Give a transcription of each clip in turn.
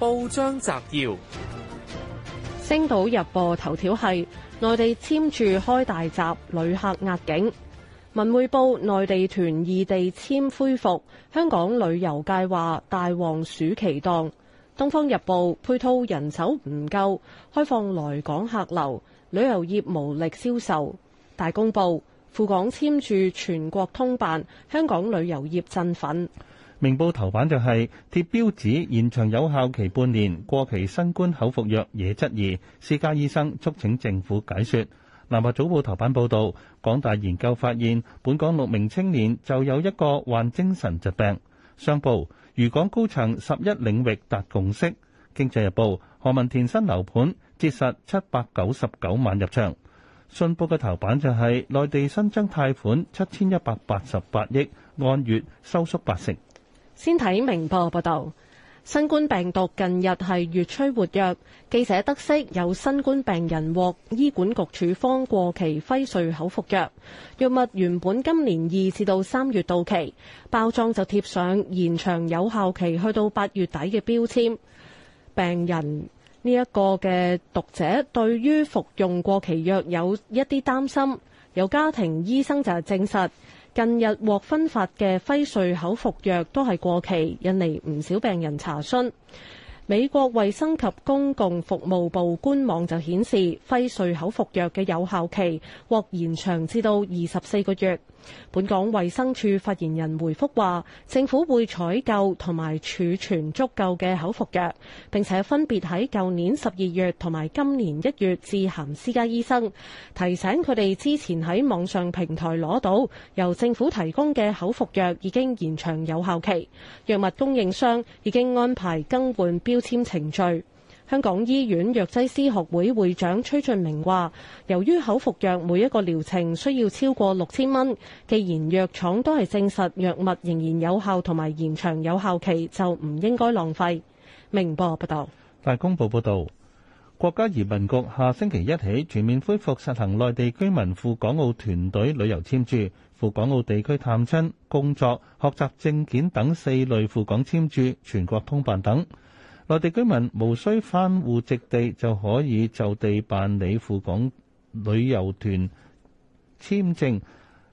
報章摘要：星島日報頭條係內地簽注開大閘，旅客壓境；文匯報內地團異地簽恢復；香港旅遊界話大旺暑期檔；東方日報配套人手唔夠，開放來港客流，旅遊業無力銷售；大公報赴港簽注全國通辦，香港旅遊業振奮。明報頭版就係貼標紙延長有效期半年，過期新冠口服藥嘢質疑，私家醫生促請政府解説。南華早報頭版報導，港大研究發現，本港六名青年就有一個患精神疾病。商報，渝港高層十一領域達共識。經濟日報，何文田新樓盤折實七百九十九萬入場。信報嘅頭版就係內地新增貸款七千一百八十八億，按月收縮八成。先睇明報報道，新冠病毒近日係越趨活躍。記者得悉有新冠病人獲醫管局處方過期輝瑞口服藥，藥物原本今年二至到三月到期，包裝就貼上延長有效期去到八月底嘅標籤。病人呢一個嘅讀者對於服用過期藥有一啲擔心，有家庭醫生就係證實。近日獲分發嘅輝瑞口服藥都係過期，引嚟唔少病人查詢。美國衛生及公共服務部官網就顯示，輝瑞口服藥嘅有效期獲延長至到二十四個月。本港衛生署發言人回覆話，政府會採購同埋儲存足夠嘅口服藥，並且分別喺舊年十二月同埋今年一月致函私家醫生，提醒佢哋之前喺網上平台攞到由政府提供嘅口服藥已經延長有效期，藥物供應商已經安排更換標籤程序。香港醫院藥劑師師學會會長崔俊明話，由於口服藥每一個療程需要超過六千蚊，既然藥廠都係證實藥物仍然有效同埋延長有效期，就唔應該浪費。明報報道。大公報報道：國家移民局下星期一起全面恢復實行內地居民赴港澳團隊旅遊簽注、赴港澳地區探親、工作、學習證件等四類赴港簽注全國通辦等。內地居民無需返戶籍地就可以就地辦理赴港旅遊團簽證，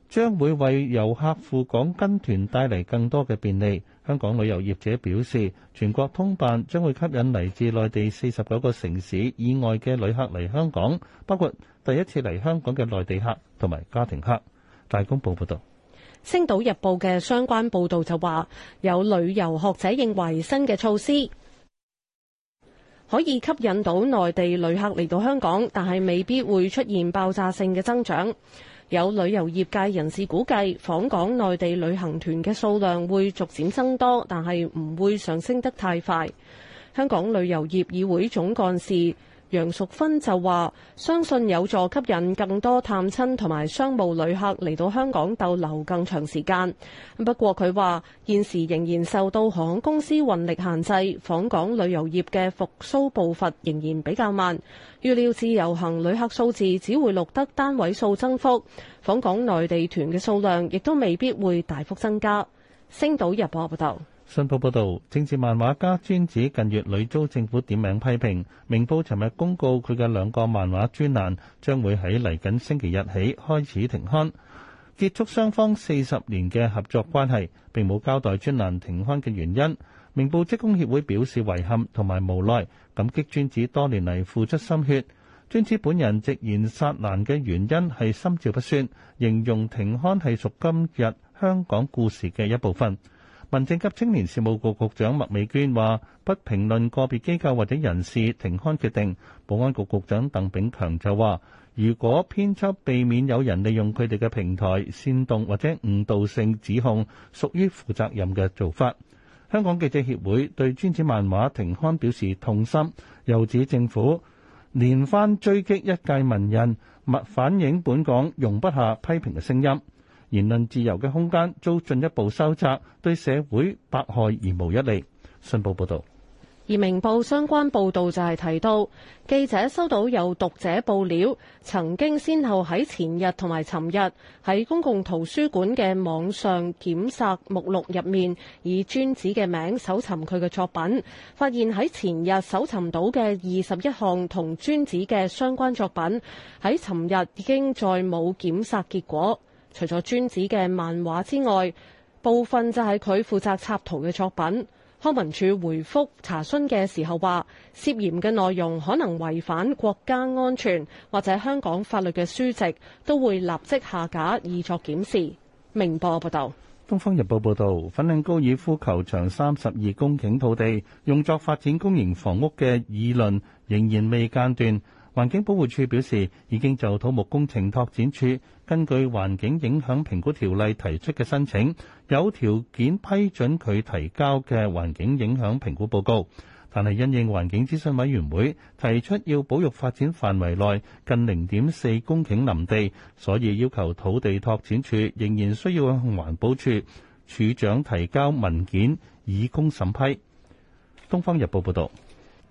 將會為遊客赴港跟團帶嚟更多嘅便利。香港旅遊業者表示，全國通辦將會吸引嚟自內地四十九個城市以外嘅旅客嚟香港，包括第一次嚟香港嘅內地客同埋家庭客。大公報報導，《星島日報》嘅相關報導就話，有旅遊學者認為新嘅措施，可以吸引到內地旅客嚟到香港，但係未必會出現爆炸性嘅增長。有旅遊業界人士估計，訪港內地旅行團嘅數量會逐漸增多，但係唔會上升得太快。香港旅遊業議會總幹事，楊淑芬就話，相信有助吸引更多探親同埋商務旅客嚟到香港逗留更長時間。不過佢話，現時仍然受到航空公司運力限制，訪港旅遊業嘅復甦步伐仍然比較慢。預料自由行旅客數字只會錄得單位數增幅，訪港內地團嘅數量亦都未必會大幅增加。星島日報報道。新報報道，政治漫畫家尊子近月屢遭政府點名批評。明報尋日公告，佢嘅兩個漫畫專欄將會喺嚟緊星期日起開始停刊，結束雙方四十年嘅合作關係。並冇交代專欄停刊嘅原因。明報職工協會表示遺憾同埋無奈，感激尊子多年嚟付出心血。尊子本人直言，殺難嘅原因係心照不宣，形容停刊係屬今日香港故事嘅一部分。民政及青年事務局局長麥美娟話：不評論個別機構或者人士停刊決定。保安局局長鄧炳強就話：如果編輯避免有人利用佢哋嘅平台煽動或者誤導性指控，屬於負責任嘅做法。香港記者協會對尊子漫畫停刊表示痛心，又指政府連番追擊一介文人，物反映本港容不下批評嘅聲音。言論自由嘅空間遭進一步收窄，對社會百害而無一利。信報報道，而明報相關報道就係提到，記者收到有讀者報料，曾經先後喺前日同埋尋日喺公共圖書館嘅網上檢索目錄入面，以尊子嘅名搜尋佢嘅作品，發現喺前日搜尋到嘅二十一項同尊子嘅相關作品，喺尋日已經再冇檢索結果。除咗專子嘅漫畫之外，部分就係佢負責插圖嘅作品。康文署回覆查詢嘅時候話，涉嫌嘅內容可能違反國家安全或者香港法律嘅書籍，都會立即下架，以作檢視。明報報道。《東方日報》報道，粉嶺高爾夫球場三十二公頃土地用作發展公營房屋嘅議論仍然未間斷。環境保護署表示，已經就土木工程拓展處根據《環境影響評估條例》提出嘅申請，有條件批准佢提交嘅環境影響評估報告。但係因應環境諮詢委員會提出要保育發展範圍內近零點四公頃林地，所以要求土地拓展處仍然需要向環保署署長提交文件以供審批。《東方日報》報道。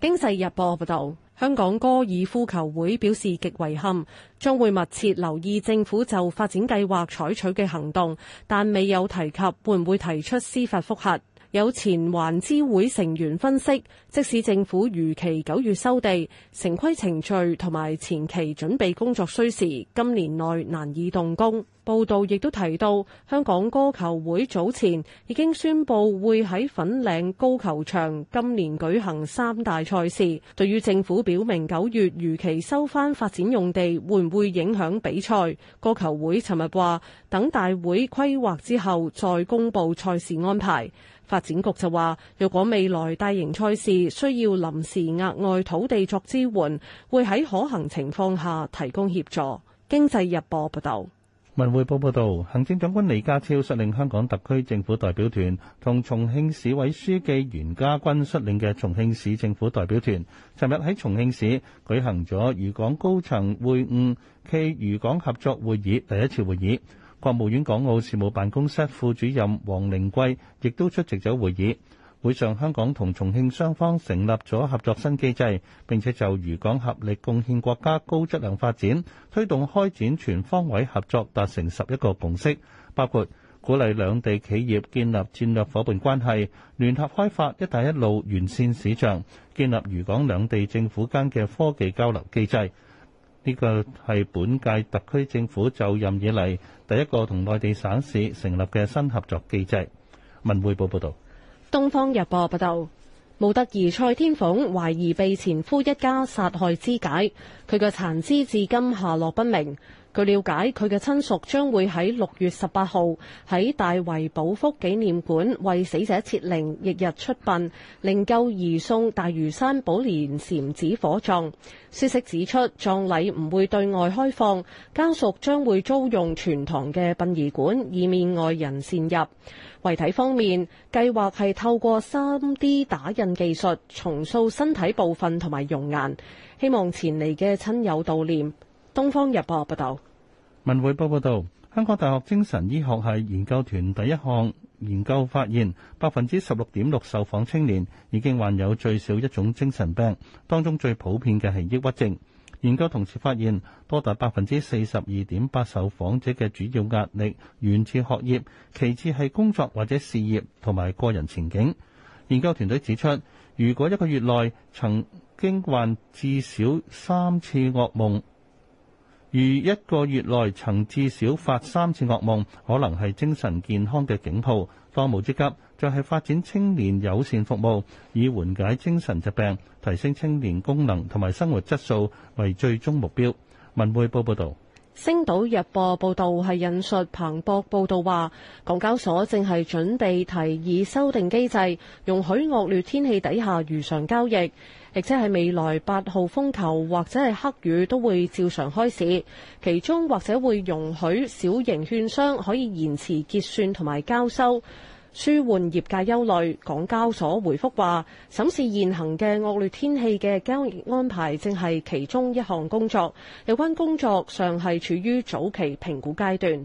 經濟日報報道。香港高爾夫球會表示極遺憾，將會密切留意政府就發展計劃採取嘅行動，但未有提及會唔會提出司法覆核。有前環諮會成員分析，即使政府如期九月收地，城規程序同埋前期準備工作需時，今年內難以動工。報道亦都提到，香港高球會早前已經宣布會喺粉嶺高球場今年舉行三大賽事。對於政府表明九月如期收返發展用地會唔會影響比賽，高球會尋日話等大會規劃之後再公布賽事安排。發展局就話，若果未來大型賽事需要臨時額外土地作支援，會喺可行情況下提供協助。經濟日報報道，文匯報報道，行政長官李家超率領香港特區政府代表團，同重慶市委書記袁家軍率領嘅重慶市政府代表團，尋日喺重慶市舉行咗渝港高層會晤暨渝港合作會議第一次會議。國務院港澳事務辦公室副主任王寧貴亦都出席咗會議。會上，香港同重慶雙方成立咗合作新機制，並且就渝港合力貢獻國家高質量發展，推動開展全方位合作，達成十一個共識，包括鼓勵兩地企業建立戰略伙伴關係，聯合開發「一帶一路」沿線市場，建立渝港兩地政府間嘅科技交流機制。呢個係本屆特區政府就任以嚟第一個同內地省市成立嘅新合作機制。文匯報報道：「東方日報報道，模特兒蔡天鳳懷疑被前夫一家殺害肢解，佢個殘肢至今下落不明。據了解，佢嘅親屬將會喺六月十八號喺大圍寶福紀念館為死者設靈，翌日出殯，靈柩移送大嶼山寶蓮禪寺火葬。消息指出，葬禮唔會對外開放，家屬將會租用全堂嘅殯儀館，以免外人擅入。遺體方面，計劃係透過 3D 打印技術重塑身體部分同埋容顏，希望前嚟嘅親友悼念。東方日報報道，文匯報報道，香港大學精神醫學系研究團第一項研究發現，百分之十六點六受訪青年已經患有最少一種精神病，當中最普遍嘅係抑鬱症。研究同時發現，多達百分之四十二點八受訪者嘅主要壓力源自學業，其次係工作或者事業，同埋個人前景。研究團隊指出，如果一個月內曾經患至少三次噩夢。如一個月內曾至少發三次惡夢，可能係精神健康嘅警報。當務之急就係發展青年友善服務，以緩解精神疾病、提升青年功能同埋生活質素為最終目標。文匯報報導。《星島日報》報道係引述彭博報道話，港交所正係準備提議修訂機制，容許惡劣天氣底下如常交易，亦即係未來八號風球或者係黑雨都會照常開市，其中或者會容許小型券商可以延遲結算同埋交收。舒緩業界憂慮，港交所回覆話：審視現行嘅惡劣天氣嘅交易安排，正係其中一項工作。有關工作尚係處於早期評估階段。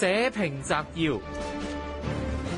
社評摘要。《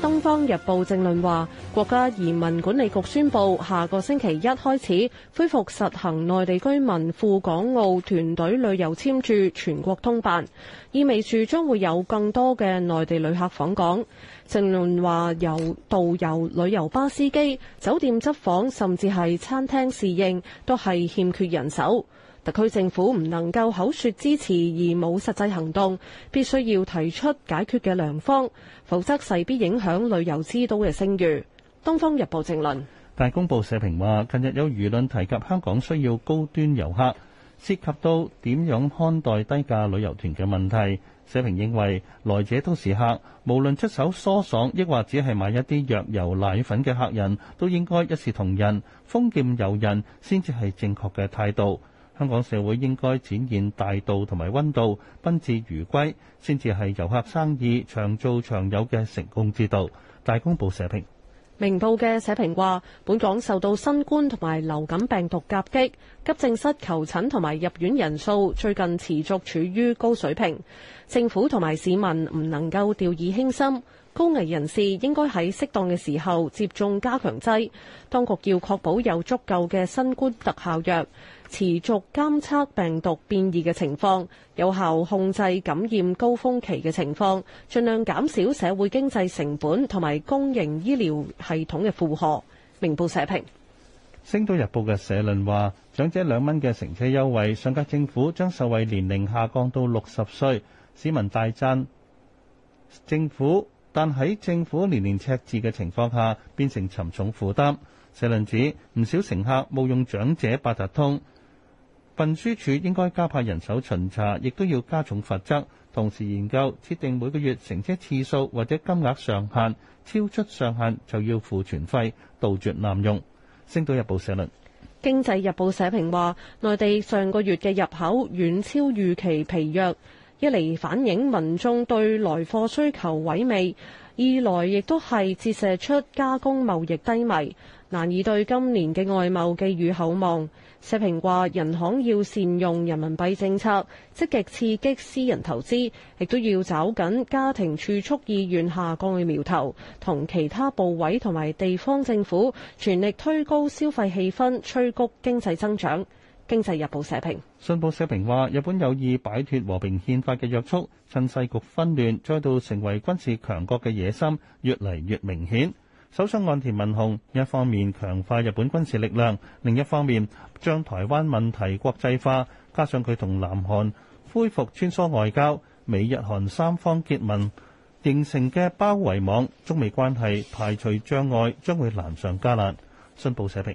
東方日報》政論話，國家移民管理局宣布，下個星期一開始恢復實行內地居民赴港澳團隊旅遊簽注全國通辦，意味住將會有更多嘅內地旅客訪港。政論話，由導遊、旅遊巴司機、酒店執房，甚至係餐廳侍應，都係欠缺人手。特區政府唔能夠口説支持而冇實際行動，必須要提出解決嘅良方，否則勢必影響旅遊之都嘅聲譽。《東方日報》正論。大公報社評話，近日有輿論提及香港需要高端遊客，涉及到點樣看待低價旅遊團嘅問題。社評認為，來者都是客，無論出手疏爽，抑或只係買一啲藥油奶粉嘅客人，都應該一視同仁，豐儉由人先至係正確嘅態度。香港社會應該展現大度同埋温度，賓至如歸，先至係遊客生意長做長有嘅成功之道。大公報社評。明報嘅社評話，本港受到新冠同埋流感病毒夾擊，急症室求診同埋入院人數最近持續處於高水平。政府同埋市民唔能夠掉以輕心，高危人士應該喺適當嘅時候接種加強劑。當局要確保有足夠嘅新冠特效藥。持續監測病毒變異嘅情況，有效控制感染高峰期嘅情況，盡量減少社會經濟成本同埋公營醫療系統嘅負荷。明報社評。《星島日報》嘅社論話：長者兩蚊嘅乘車優惠，上屆政府將受惠年齡下降到六十歲，市民大讚。政府但喺政府年年赤字嘅情況下，變成沉重負擔。社論指唔少乘客冒用長者八達通。運輸署應該加派人手巡查，亦都要加重罰則，同時研究設定每個月乘車次數或者金額上限，超出上限就要付全費，杜絕濫用。星島日報社論，經濟日報社評話，內地上個月嘅入口遠超預期疲弱，一嚟反映民眾對來貨需求萎靡。二來亦都係折射出加工貿易低迷，難以對今年嘅外貿寄予厚望。社評話，人行要善用人民幣政策，積極刺激私人投資，亦都要找緊家庭儲蓄意願下降嘅苗頭，同其他部委同埋地方政府全力推高消費氣氛，催谷經濟增長。經濟日報社評，信報社評話，日本有意擺脱和平憲法嘅約束，趁世局紛亂，再度成為軍事強國嘅野心越嚟越明顯。首相岸田文雄一方面強化日本軍事力量，另一方面將台灣問題國際化，加上佢同南韓恢復穿梭外交，美日韓三方結盟形成嘅包圍網，中美關係排除障礙將會難上加難。信報社評。